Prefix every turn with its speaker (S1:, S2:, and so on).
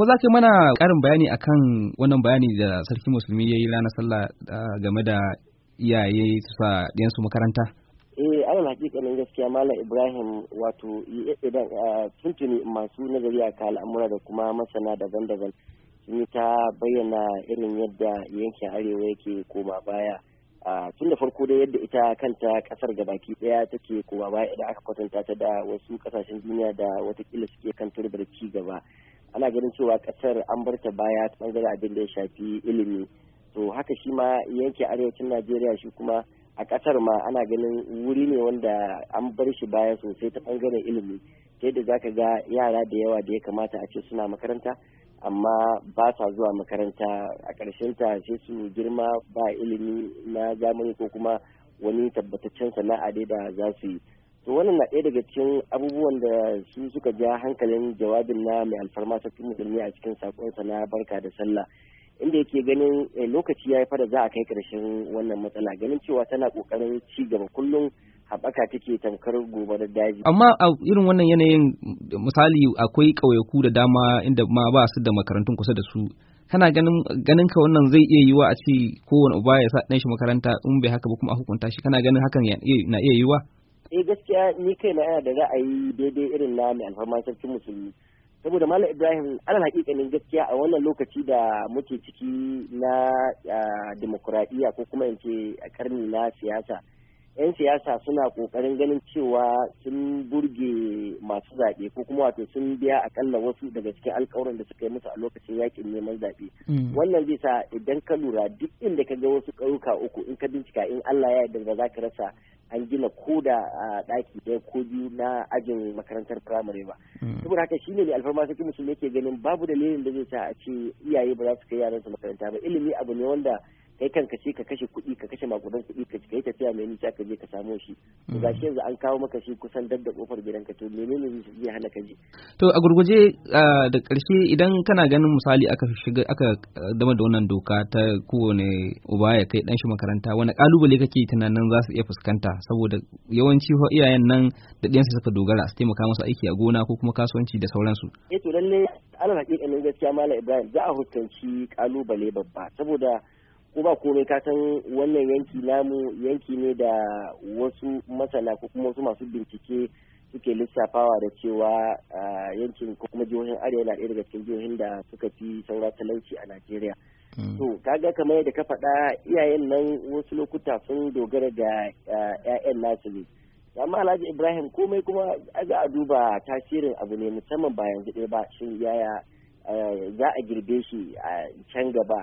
S1: Ko za ka yi mana ƙarin bayani akan wannan bayani da sarki musulmi ya yi ranar sallah game da iyaye su sa ɗiyansu makaranta?
S2: Eh, ana hakikanin gaskiya Malam Ibrahim wato idan tuntuni masu nazari a al'amura da kuma masana daban-daban sun yi ta bayyana irin yadda yankin arewa yake koma baya. tun da farko da yadda ita kanta kasar baki daya take koma baya idan aka kwatanta ta da wasu kasashen duniya da watakila suke kan turbar ci gaba. ana ganin cewa kasar an bar ta baya ta bangare abin da ya shafi ilimi to haka shi ma yanke arewacin najeriya shi kuma a kasar ma ana ganin wuri ne wanda an bar shi baya sosai ta bangaren ilimi sai da zaka ga yara da yawa da ya kamata a ce suna makaranta amma ba sa zuwa makaranta a ƙarshen ta sai su girma ba ilimi na zamani ko kuma wani tabbataccen sana'a dai da za su yi to wannan na ɗaya daga cikin abubuwan da su suka ja hankalin jawabin na mai alfarma sarkin musulmi a cikin sakonsa na barka da sallah inda yake ganin eh, lokaci ya yi fara za a kai ƙarshen wannan matsala ganin cewa tana ƙoƙarin ci gaba kullum haɓaka take tamkar gobarar daji.
S1: Amma a irin wannan yanayin misali akwai ƙauyaku da dama inda ma ba su da makarantun kusa da su. Kana ganin ganin ka wannan zai iya yiwa a ce kowane uba ya sa ɗan shi makaranta in bai haka ba kuma a hukunta shi kana ganin hakan na iya yiwa?
S2: eh gaskiya ni kai na yana da ra'ayi daidai irin na mai alfarmar sarkin musulmi saboda malam ibrahim alal hakikanin gaskiya a wannan lokaci da muke ciki na ah, demokuraɗiyya ko kuma in ce a karni na siyasa 'yan siyasa suna kokarin ganin cewa sun burge masu zaɓe ko kuma wato sun biya akalla wasu daga cikin alkawarin da suka yi musu a lokacin yakin neman zaɓe mm. wannan zai sa idan ka lura duk inda ka ga wasu ƙauyuka uku in ka bincika in Allah ya yarda za ka rasa an gina ko da ɗaki ɗaya ko biyu na ajin makarantar firamare ba mm. saboda haka shine ne alfarma sai musulmi ke ganin babu dalilin da zai sa a ce iyaye ba za su kai yaransu makaranta ba ilimi abu ne wanda kai kanka ka kashe kuɗi ka kashe makudan kuɗi ka kai tafiya mai nisa ka je ka samo shi to mm. shi yanzu an kawo maka shi kusan dab da kofar gidan ka to menene zai hana ka je
S1: to a gurguje da ƙarshe idan kana ganin misali aka shiga aka dama da wannan doka ta kowane uba ya kai dan shi makaranta wani kalubale kake tunanin za su iya fuskanta saboda yawanci iyayen nan da ɗiyansu suka dogara su taimaka musu aiki a gona ko kuma kasuwanci da sauransu
S2: eh to lalle ana hakikanin gaskiya malam ibrahim za a hukunci kalubale babba saboda ko ba komai ka san wannan yanki namu yanki ne da wasu masana ko kuma wasu masu bincike suke lissafawa da cewa yankin ko kuma jihohin arewa na ɗaya daga cikin jihohin da suka fi saura talauci a najeriya mm. to kaga kamar yadda ka faɗa iyayen nan wasu lokuta sun dogara da 'ya'yan nasu ne amma alhaji ibrahim komai kuma za a duba tasirin abu ne musamman ba yanzu ɗaya ba shin yaya za a girbe shi a can gaba